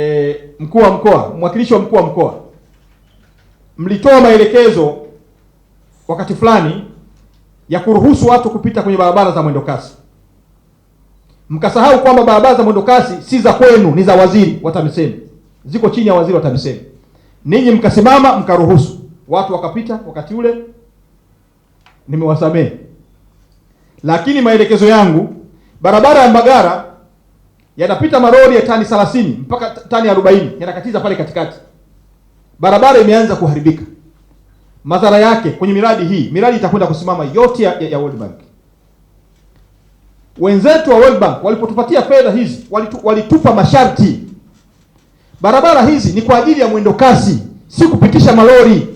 E, mkuu wa mkoa, mwakilishi wa mkuu wa mkoa, mlitoa maelekezo wakati fulani ya kuruhusu watu kupita kwenye barabara za mwendokasi, mkasahau kwamba barabara za mwendokasi si za kwenu, ni za waziri wa TAMISEMI, ziko chini ya waziri wa TAMISEMI. Ninyi mkasimama mkaruhusu watu wakapita, wakati ule nimewasamehe, lakini maelekezo yangu barabara ya Mbagara yanapita maroli ya tani 30 mpaka tani 40 yanakatiza pale katikati, barabara imeanza kuharibika. Madhara yake kwenye miradi hii, miradi itakwenda kusimama yote ya, ya World Bank. Wenzetu wa World Bank walipotupatia fedha hizi walitu, walitupa masharti. Barabara hizi ni kwa ajili ya mwendo kasi, si kupitisha malori.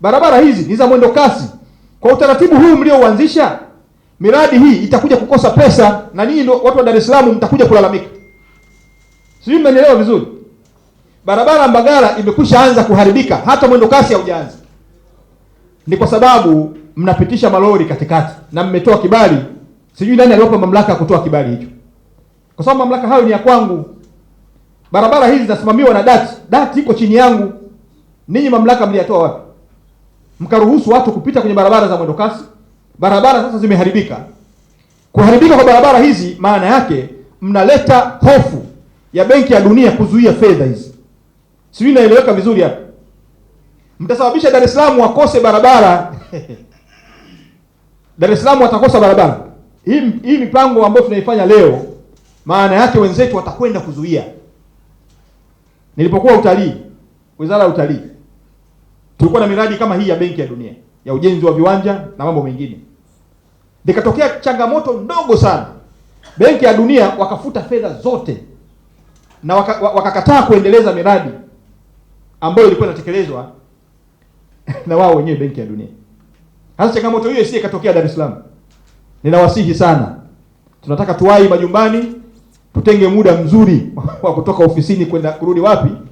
Barabara hizi ni za mwendo kasi. Kwa utaratibu huu mliouanzisha miradi hii itakuja kukosa pesa, na ninyi ndio watu wa Dar es Salaam mtakuja kulalamika. Sijui mmenielewa vizuri. Barabara Mbagala imekwisha anza kuharibika, hata mwendo kasi haujaanza. Ni kwa sababu mnapitisha malori katikati na mmetoa kibali. Sijui nani aliwapa mamlaka ya kutoa kibali hicho, kwa sababu mamlaka hayo ni ya kwangu. Barabara hizi zinasimamiwa na dati, dati iko chini yangu. Ninyi mamlaka mliyatoa wapi mkaruhusu watu kupita kwenye barabara za mwendo kasi? barabara sasa zimeharibika. Kuharibika kwa barabara hizi, maana yake mnaleta hofu ya Benki ya Dunia kuzuia fedha hizi. Sijui naeleweka vizuri hapa? Mtasababisha Dar es Salaam wakose barabara Dar es Salaam watakosa barabara hii. Hii mipango ambayo tunaifanya leo, maana yake wenzetu watakwenda kuzuia. Nilipokuwa utalii, wizara ya utalii, tulikuwa na miradi kama hii ya Benki ya Dunia ya ujenzi wa viwanja na mambo mengine. Ikatokea changamoto ndogo sana, Benki ya Dunia wakafuta fedha zote na wakakataa waka kuendeleza miradi ambayo ilikuwa inatekelezwa na wao wenyewe Benki ya Dunia. Hasa changamoto hiyo isije ikatokea Dar es Salaam. Ninawasihi sana, tunataka tuwahi majumbani, tutenge muda mzuri wa kutoka ofisini kwenda kurudi wapi